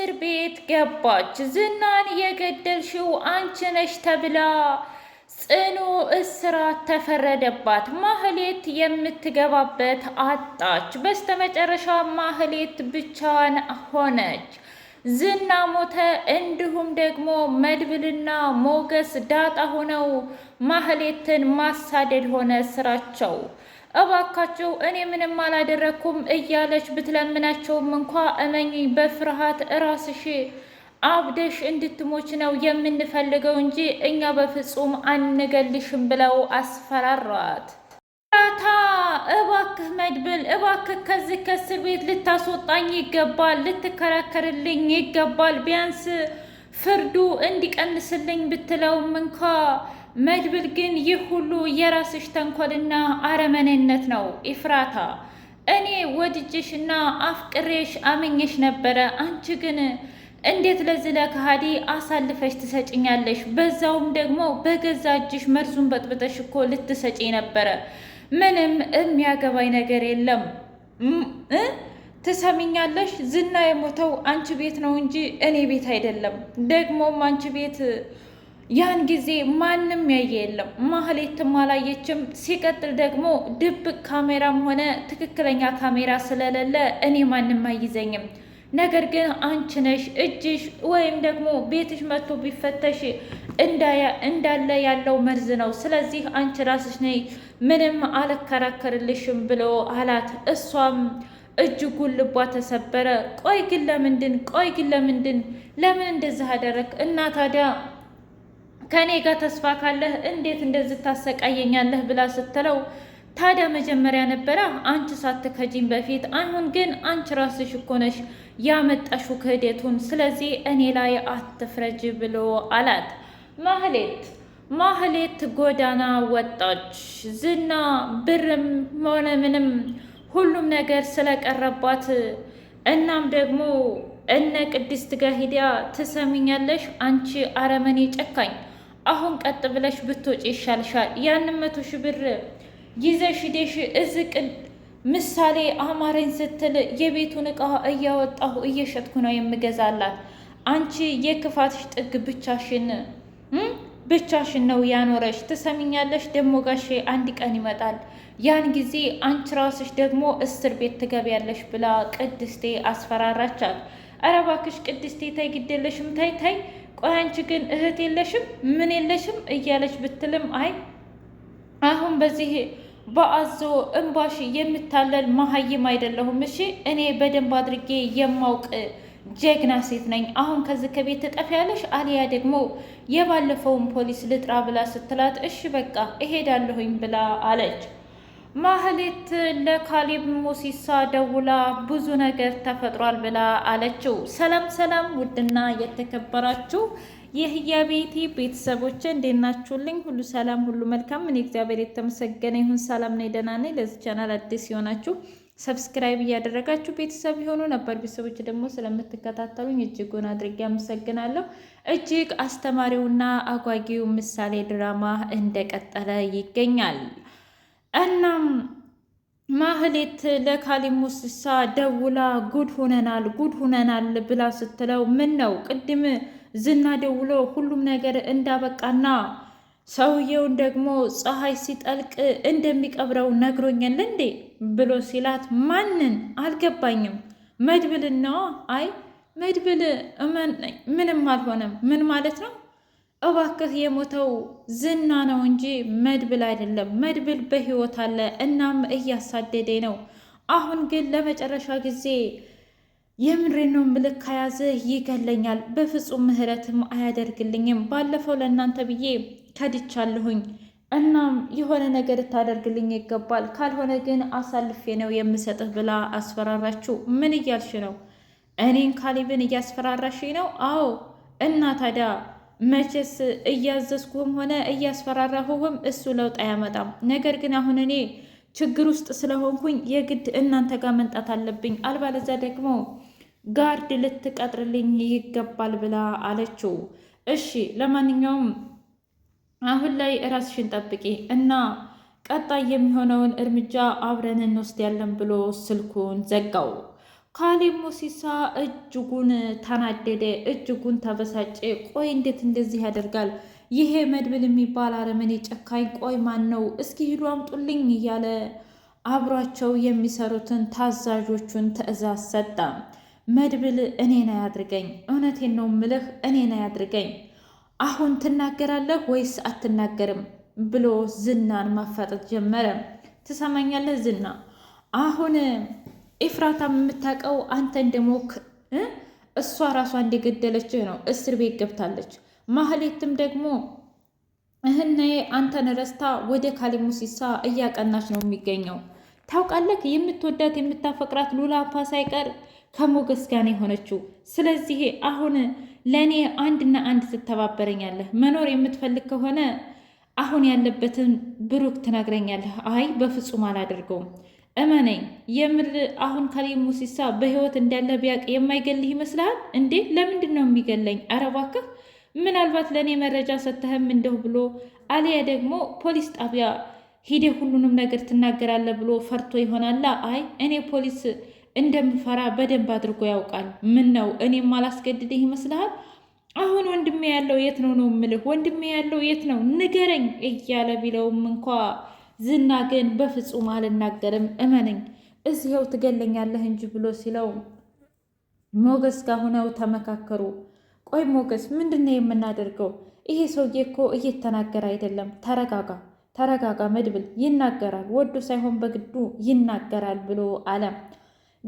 እስር ቤት ገባች። ዝናን የገደልሽው አንቺ ነሽ ተብላ ጽኑ እስራት ተፈረደባት። ማህሌት የምትገባበት አጣች። በስተመጨረሻ ማህሌት ብቻዋን ሆነች። ዝና ሞተ። እንዲሁም ደግሞ መድብልና ሞገስ ዳጣ ሆነው ማህሌትን ማሳደድ ሆነ ስራቸው። እባካቸው እኔ ምንም አላደረግኩም እያለች ብትለምናቸውም እንኳ እመኝኝ በፍርሃት እራስሽ አብደሽ እንድትሞች ነው የምንፈልገው እንጂ እኛ በፍጹም አንገልሽም ብለው አስፈራሯት። ኤፍራታ እባክህ መድብል እባክህ ከዚህ ከእስር ቤት ልታስወጣኝ ይገባል፣ ልትከራከርልኝ ይገባል፣ ቢያንስ ፍርዱ እንዲቀንስልኝ ብትለውም እንኳ መድብል ግን ይህ ሁሉ የራስሽ ተንኮልና አረመኔነት ነው። ኤፍራታ እኔ ወድጄሽና አፍቅሬሽ አመኘሽ ነበረ። አንቺ ግን እንዴት ለዚህ ለከሃዲ አሳልፈሽ ትሰጭኛለሽ? በዛውም ደግሞ በገዛ እጅሽ መርዙን በጥብጠሽ እኮ ልትሰጪ ነበረ። ምንም የሚያገባኝ ነገር የለም። ትሰሚኛለሽ? ዝና የሞተው አንቺ ቤት ነው እንጂ እኔ ቤት አይደለም። ደግሞም አንቺ ቤት ያን ጊዜ ማንም ያየ የለም፣ ማህሌትም አላየችም። ሲቀጥል ደግሞ ድብቅ ካሜራም ሆነ ትክክለኛ ካሜራ ስለሌለ እኔ ማንም አይዘኝም። ነገር ግን አንቺ ነሽ እጅሽ ወይም ደግሞ ቤትሽ መጥቶ ቢፈተሽ እንዳለ ያለው መርዝ ነው። ስለዚህ አንቺ ራስሽ ነይ ምንም አልከራከርልሽም ብሎ አላት። እሷም እጅጉን ልቧ ተሰበረ። ቆይ ግን ለምንድን ቆይ ግን ለምንድን ለምን እንደዚህ አደረግ እና ታዲያ ከእኔ ጋር ተስፋ ካለህ እንዴት እንደዚህ ታሰቃየኛለህ ብላ ስትለው ታዲያ መጀመሪያ ነበረ አንቺ ሳትከጂኝ በፊት አሁን ግን አንቺ ራስሽ እኮ ነሽ ያመጣሽው ክህደቱን። ስለዚህ እኔ ላይ አትፍረጅ ብሎ አላት። ማህሌት ማህሌት ጎዳና ወጣች። ዝና ብርም ሆነ ምንም ሁሉም ነገር ስለቀረባት እናም ደግሞ እነ ቅድስት ጋር ሂዲያ ትሰሚኛለሽ፣ አንቺ አረመኔ ጨካኝ፣ አሁን ቀጥ ብለሽ ብትወጪ ይሻልሻል። ያንን መቶ ሺህ ብር ይዘሽ ሂደሽ እዚህ ምሳሌ አማረኝ ስትል የቤቱን እቃ እያወጣሁ እየሸጥኩ ነው የምገዛላት። አንቺ የክፋትሽ ጥግ ብቻሽን ብቻሽን ነው ያኖረሽ። ትሰሚኛለሽ? ደግሞ ጋሼ አንድ ቀን ይመጣል፣ ያን ጊዜ አንቺ ራስሽ ደግሞ እስር ቤት ትገቢያለሽ ብላ ቅድስቴ አስፈራራቻት። ኧረ እባክሽ ቅድስቴ ታይ፣ ግድ የለሽም ታይ ታይ። ቆይ አንቺ ግን እህት የለሽም ምን የለሽም እያለች ብትልም አይ አሁን በዚህ በአዞ እንባሽ የምታለል መሀይም አይደለሁም። እሺ እኔ በደንብ አድርጌ የማውቅ ጀግና ሴት ነኝ። አሁን ከዚህ ከቤት ትጠፊያለሽ፣ አሊያ ደግሞ የባለፈውን ፖሊስ ልጥራ ብላ ስትላት እሺ በቃ እሄዳለሁኝ ብላ አለች። ማህሌት ለካሌብ ሞሲሳ ደውላ ብዙ ነገር ተፈጥሯል ብላ አለችው። ሰላም ሰላም! ውድና የተከበራችሁ ቤቴ ቤተሰቦች እንዴት ናችሁልኝ? ሁሉ ሰላም፣ ሁሉ መልካም። እኔ እግዚአብሔር የተመሰገነ ይሁን ሰላም ነኝ፣ ደህና ነኝ። ለዚህ ቻናል አዲስ ሲሆናችሁ ሰብስክራይብ እያደረጋችሁ ቤተሰብ የሆኑ ነበር። ቤተሰቦች ደግሞ ስለምትከታተሉኝ እጅጉን አድርጌ አመሰግናለሁ። እጅግ አስተማሪውና አጓጊው ምሳሌ ድራማ እንደቀጠለ ይገኛል። እናም ማህሌት ለካሊሙስሳ ደውላ ጉድ ሁነናል፣ ጉድ ሁነናል ብላ ስትለው ምን ነው ቅድም ዝና ደውሎ ሁሉም ነገር እንዳበቃና ሰውየውን ደግሞ ፀሐይ ሲጠልቅ እንደሚቀብረው ነግሮኛል እንዴ ብሎ ሲላት ማንን አልገባኝም። መድብልና አይ መድብል ምንም አልሆነም። ምን ማለት ነው? እባክህ የሞተው ዝና ነው እንጂ መድብል አይደለም። መድብል በህይወት አለ። እናም እያሳደደኝ ነው። አሁን ግን ለመጨረሻ ጊዜ የምሬነው ምልክ ከያዝህ ይገለኛል። በፍጹም ምህረትም አያደርግልኝም። ባለፈው ለእናንተ ብዬ ከድቻለሁኝ። እናም የሆነ ነገር እታደርግልኝ ይገባል፣ ካልሆነ ግን አሳልፌ ነው የምሰጥህ ብላ አስፈራራችሁ። ምን እያልሽ ነው? እኔን ካሊብን እያስፈራራሽኝ ነው? አዎ። እና ታዲያ መቼስ እያዘዝኩህም ሆነ እያስፈራራሁህም እሱ ለውጥ አያመጣም። ነገር ግን አሁን እኔ ችግር ውስጥ ስለሆንኩኝ የግድ እናንተ ጋር መንጣት አለብኝ፣ አልባለዚያ ደግሞ ጋርድ ልትቀጥርልኝ ይገባል ብላ አለችው። እሺ ለማንኛውም አሁን ላይ ራስሽን ጠብቂ እና ቀጣይ የሚሆነውን እርምጃ አብረን እንወስዳለን ብሎ ስልኩን ዘጋው። ካሌብ ሙሲሳ እጅጉን ተናደደ፣ እጅጉን ተበሳጨ። ቆይ እንዴት እንደዚህ ያደርጋል? ይሄ መድብል የሚባል አረመኔ ጨካኝ፣ ቆይ ማን ነው? እስኪ ሂዱ አምጡልኝ እያለ አብሯቸው የሚሰሩትን ታዛዦቹን ትዕዛዝ ሰጠ። መድብል እኔን አያድርገኝ፣ እውነቴን ነው ምልህ፣ እኔን አያድርገኝ አሁን ትናገራለህ ወይስ አትናገርም ብሎ ዝናን ማፋጠጥ ጀመረ። ትሰማኛለህ ዝና፣ አሁን ኤፍራታ የምታውቀው አንተ እንደሞክ እሷ ራሷ እንደገደለችህ ነው። እስር ቤት ገብታለች። ማህሌትም ደግሞ እህነ አንተን ረስታ ወደ ካሊሙሲሳ እያቀናች ነው የሚገኘው። ታውቃለህ፣ የምትወዳት የምታፈቅራት ሉላፓ ሳይቀር ከሞገስ ጋር የሆነችው። ስለዚህ አሁን ለእኔ አንድና አንድ ትተባበረኛለህ። መኖር የምትፈልግ ከሆነ አሁን ያለበትን ብሩክ ትነግረኛለህ። አይ በፍጹም አላደርገውም። እመነኝ የምር አሁን ካሌብ ሲሳ በህይወት እንዳለ ቢያቅ የማይገልህ ይመስልሃል እንዴ? ለምንድን ነው የሚገለኝ? ኧረ እባክህ ምናልባት ለእኔ መረጃ ሰተህም እንደው ብሎ አሊያ ደግሞ ፖሊስ ጣቢያ ሂደህ ሁሉንም ነገር ትናገራለህ ብሎ ፈርቶ ይሆናላ። አይ እኔ ፖሊስ እንደምፈራ በደንብ አድርጎ ያውቃል። ምን ነው እኔም አላስገድድህ ይመስልሃል? አሁን ወንድሜ ያለው የት ነው ነው የምልህ፣ ወንድሜ ያለው የት ነው ንገረኝ እያለ ቢለውም እንኳ ዝና ግን በፍጹም አልናገርም እመነኝ፣ እዚኸው ትገለኛለህ እንጂ ብሎ ሲለው ሞገስ ጋር ሆነው ተመካከሩ። ቆይ ሞገስ፣ ምንድን ነው የምናደርገው? ይሄ ሰውዬ እኮ እየተናገረ አይደለም። ተረጋጋ፣ ተረጋጋ መድብል። ይናገራል፣ ወዶ ሳይሆን በግዱ ይናገራል ብሎ አለ።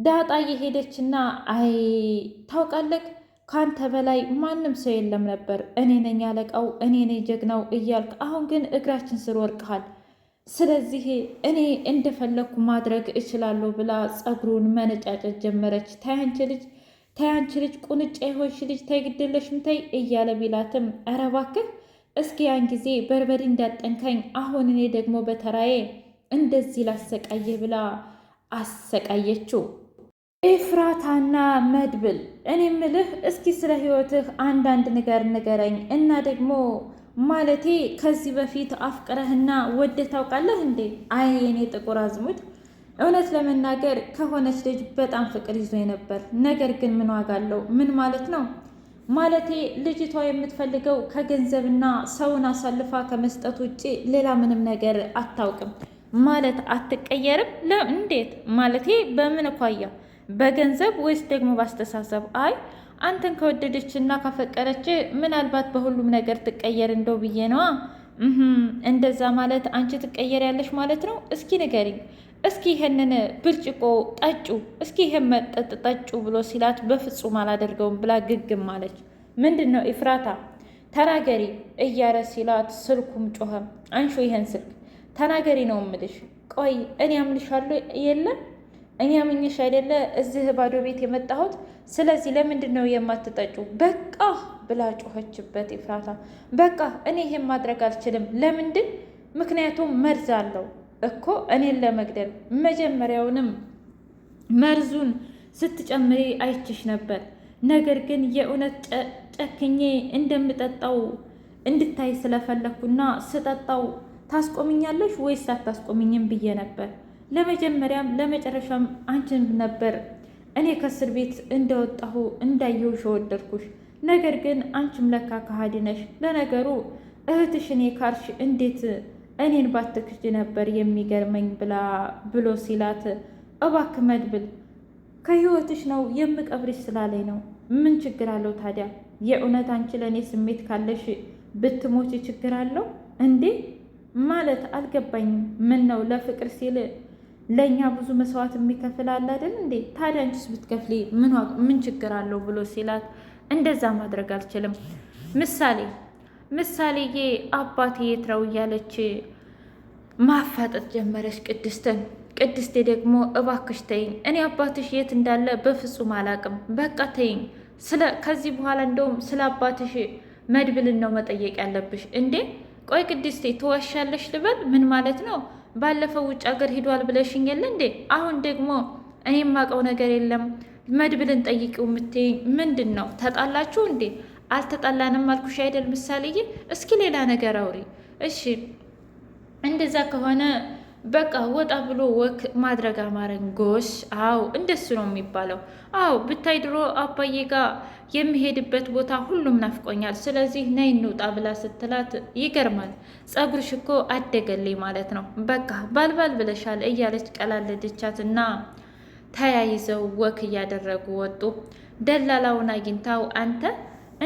ዳጣ የሄደችና አይ ታውቃለህ፣ ካንተ በላይ ማንም ሰው የለም ነበር። እኔ ነኝ ያለቃው፣ እኔ ነኝ ጀግናው እያልክ አሁን ግን እግራችን ስር ወርቀሃል። ስለዚህ እኔ እንደፈለግኩ ማድረግ እችላለሁ ብላ ፀጉሩን መነጫጨት ጀመረች። ታያንች ልጅ ታያንች ልጅ ቁንጫ የሆንሽ ልጅ ታይግድለሽም ታይ እያለ ቢላትም ኧረ እባክህ እስኪ ያን ጊዜ በርበሬ እንዳጠንካኝ አሁን እኔ ደግሞ በተራዬ እንደዚህ ላሰቃየህ ብላ አሰቃየችው። ኤፍራታና መድብል እኔ ምልህ እስኪ ስለ ህይወትህ አንዳንድ ነገር ንገረኝ እና ደግሞ ማለቴ ከዚህ በፊት አፍቅረህና ወደህ ታውቃለህ እንዴ? አይ የኔ ጥቁር አዝሙድ፣ እውነት ለመናገር ከሆነች ልጅ በጣም ፍቅር ይዞ ነበር። ነገር ግን ምን ዋጋ አለው? ምን ማለት ነው? ማለቴ ልጅቷ የምትፈልገው ከገንዘብና ሰውን አሳልፋ ከመስጠት ውጭ ሌላ ምንም ነገር አታውቅም። ማለት አትቀየርም? እንዴት ማለቴ በምን እኳያ በገንዘብ ወይስ ደግሞ ባስተሳሰብ? አይ አንተን ከወደደች እና ካፈቀረች ምናልባት በሁሉም ነገር ትቀየር እንደው ብዬ ነዋ። እንደዛ ማለት አንቺ ትቀየር ያለሽ ማለት ነው? እስኪ ንገሪኝ እስኪ ይሄንን ብርጭቆ ጠጩ፣ እስኪ ይሄን መጠጥ ጠጩ ብሎ ሲላት በፍጹም አላደርገውም ብላ ግግም አለች። ምንድን ነው ኢፍራታ ተናገሪ እያለ ሲላት ስልኩም ጮኸ። አንሾ ይሄን ስልክ ተናገሪ ነው እምልሽ። ቆይ እኔ አምልሻለሁ የለም እኔ አምኜሽ አይደለ እዚህ ባዶ ቤት የመጣሁት። ስለዚህ ለምንድን ነው የማትጠጩ? በቃ ብላ ጮኸችበት ኤፍራታ። በቃ እኔ ይሄን ማድረግ አልችልም። ለምንድን? ምክንያቱም መርዝ አለው እኮ እኔን ለመግደል። መጀመሪያውንም መርዙን ስትጨምሪ አይችሽ ነበር። ነገር ግን የእውነት ጨክኜ እንደምጠጣው እንድታይ ስለፈለግኩና ስጠጣው ታስቆምኛለሽ ወይስ አታስቆምኝም ብዬ ነበር ለመጀመሪያም ለመጨረሻም አንቺን ነበር እኔ ከእስር ቤት እንደወጣሁ እንዳየሁሽ ወደድኩሽ። ነገር ግን አንቺም ለካ ከሃዲ ነሽ። ለነገሩ እህትሽ እኔ ካርሽ እንዴት እኔን ባትክጅ ነበር የሚገርመኝ ብላ ብሎ ሲላት፣ እባክ መድብል ከህይወትሽ ነው የምቀብርሽ ስላለኝ ነው። ምን ችግር አለው ታዲያ? የእውነት አንቺ ለእኔ ስሜት ካለሽ ብትሞች ችግር አለው እንዴ? ማለት አልገባኝም። ምን ነው ለፍቅር ሲል ለእኛ ብዙ መስዋዕት የሚከፍል አለ አይደል እንዴ? ታዲያ አንቺስ ብትከፍሊ ምን ችግር አለው ብሎ ሲላት እንደዛ ማድረግ አልችልም ምሳሌ ምሳሌዬ አባቴ የት ነው እያለች ማፋጠጥ ጀመረች ቅድስትን። ቅድስቴ ደግሞ እባክሽ ተይኝ፣ እኔ አባትሽ የት እንዳለ በፍጹም አላቅም። በቃ ተይኝ። ከዚህ በኋላ እንደውም ስለ አባትሽ መድብልን ነው መጠየቅ ያለብሽ። እንዴ ቆይ ቅድስቴ ትዋሻለሽ ልበል? ምን ማለት ነው? ባለፈው ውጭ ሀገር ሂዷል ብለሽኝ የለ እንዴ? አሁን ደግሞ እኔ የማውቀው ነገር የለም መድብልን ጠይቂው የምትይኝ ምንድን ነው? ተጣላችሁ እንዴ? አልተጣላንም አልኩሽ አይደል ምሳሌዬ? እስኪ ሌላ ነገር አውሪ እሺ። እንደዛ ከሆነ በቃ ወጣ ብሎ ወክ ማድረግ አማረን። ጎሽ፣ አዎ እንደሱ ነው የሚባለው። አዎ ብታይ ድሮ አባዬ ጋር የሚሄድበት ቦታ ሁሉም ናፍቆኛል፣ ስለዚህ ነይ እንውጣ ብላ ስትላት ይገርማል። ጸጉርሽ እኮ አደገልኝ ማለት ነው፣ በቃ ባልባል ብለሻል እያለች ቀላለደቻት እና ተያይዘው ወክ እያደረጉ ወጡ። ደላላውን አግኝታው አንተ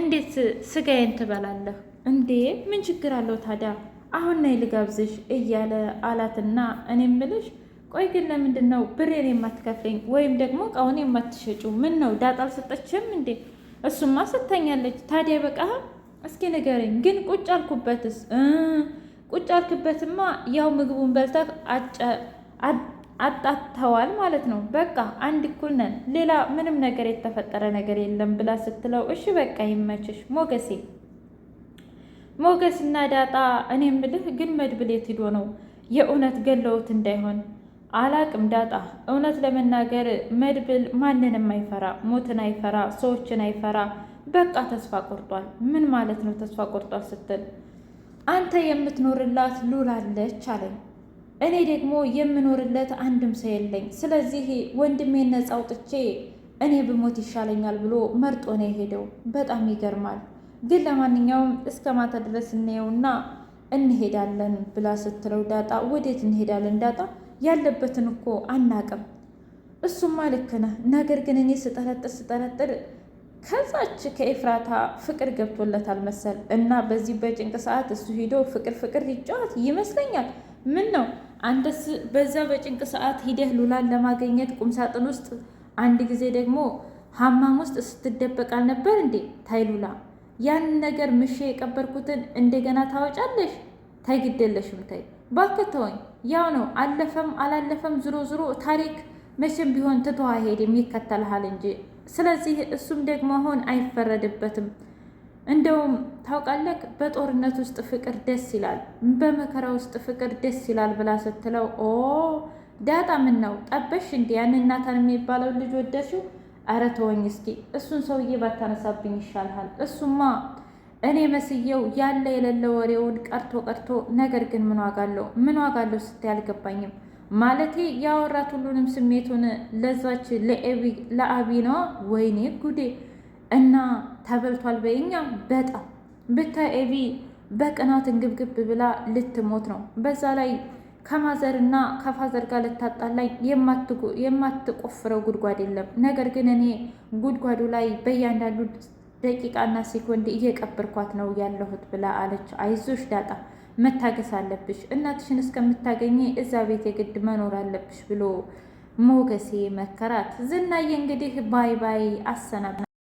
እንዴት ስጋዬን ትበላለህ እንዴ? ምን ችግር አለው ታዲያ አሁን ነይ ልጋብዝሽ እያለ አላትና እኔ ምልሽ ቆይ ግን ለምንድን ነው ብሬን የማትከፍለኝ ወይም ደግሞ እቃውን የማትሸጩ ምን ነው ዳጣ አልሰጠችም እንዴ? እሱማ ሰጥታኛለች። ታዲያ በቃ እስኪ ንገረኝ ግን ቁጭ አልኩበትስ? ቁጭ አልክበትማ ያው ምግቡን በልተህ አጣተዋል ማለት ነው። በቃ አንድ እኩል ነን፣ ሌላ ምንም ነገር የተፈጠረ ነገር የለም ብላ ስትለው እሺ በቃ ይመችሽ ሞገሴ እና ዳጣ እኔ ምልህ ግን መድብል የት ሂዶ ነው? የእውነት ገለውት እንዳይሆን አላቅም። ዳጣ እውነት ለመናገር መድብል ማንንም አይፈራ፣ ሞትን አይፈራ፣ ሰዎችን አይፈራ። በቃ ተስፋ ቆርጧል። ምን ማለት ነው ተስፋ ቆርጧል ስትል አንተ የምትኖርላት ሉላለች አለኝ። እኔ ደግሞ የምኖርለት አንድም ሰው የለኝ። ስለዚህ ወንድሜን ነፃ አውጥቼ እኔ ብሞት ይሻለኛል ብሎ መርጦ ነው የሄደው። በጣም ይገርማል። ግን ለማንኛውም እስከ ማታ ድረስ እናየውና እንሄዳለን ብላ ስትለው ዳጣ ወዴት እንሄዳለን? ዳጣ ያለበትን እኮ አናቅም። እሱማ ልክ ነህ። ነገር ግን እኔ ስጠረጥር ስጠረጥር ከዛች ከኤፍራታ ፍቅር ገብቶለታል መሰል እና በዚህ በጭንቅ ሰዓት እሱ ሂዶ ፍቅር ፍቅር ይጫወት ይመስለኛል። ምን ነው አንተስ በዛ በጭንቅ ሰዓት ሂደህ ሉላን ለማገኘት ቁምሳጥን ውስጥ አንድ ጊዜ ደግሞ ሀማም ውስጥ ስትደበቅ አልነበር እንዴ? ታይ ሉላ ያን ነገር ምሼ የቀበርኩትን እንደገና ታወጫለሽ? ታይግደለሽም ታይ ባክተወኝ። ያው ነው አለፈም አላለፈም ዝሮ ዝሮ ታሪክ መቼም ቢሆን ትተዋ ሄድ የሚከተልሃል እንጂ። ስለዚህ እሱም ደግሞ አሁን አይፈረድበትም። እንደውም ታውቃለህ፣ በጦርነት ውስጥ ፍቅር ደስ ይላል፣ በመከራ ውስጥ ፍቅር ደስ ይላል ብላ ስትለው ኦ ዳጣ ምን ነው ጠበሽ እንዲ ያን እናታን የሚባለው ልጅ ወደሽው አረ ተወኝ እስኪ እሱን ሰውዬ ባታነሳብኝ ይሻልሃል። እሱማ እኔ መስየው ያለ የሌለ ወሬውን ቀርቶ ቀርቶ ነገር ግን ምን ዋጋ አለው? ምን ዋጋ አለው ስታይ አልገባኝም። ማለቴ ያወራት ሁሉንም ስሜቱን ለዛች ለአቢ ነዋ። ወይኔ ጉዴ! እና ተበልቷል በይኛ በጣም ብታይ ኤቢ በቅናት እንግብግብ ብላ ልትሞት ነው በዛ ላይ ከማዘርና ከፋዘር ጋር ልታጣላኝ የማትቆፍረው ጉድጓድ የለም። ነገር ግን እኔ ጉድጓዱ ላይ በእያንዳንዱ ደቂቃና ሴኮንድ እየቀበርኳት ነው ያለሁት ብላ አለች። አይዞሽ ዳጣ መታገስ አለብሽ፣ እናትሽን እስከምታገኝ እዛ ቤት የግድ መኖር አለብሽ ብሎ ሞገሴ መከራት። ዝናዬ እንግዲህ ባይ ባይ አሰናብ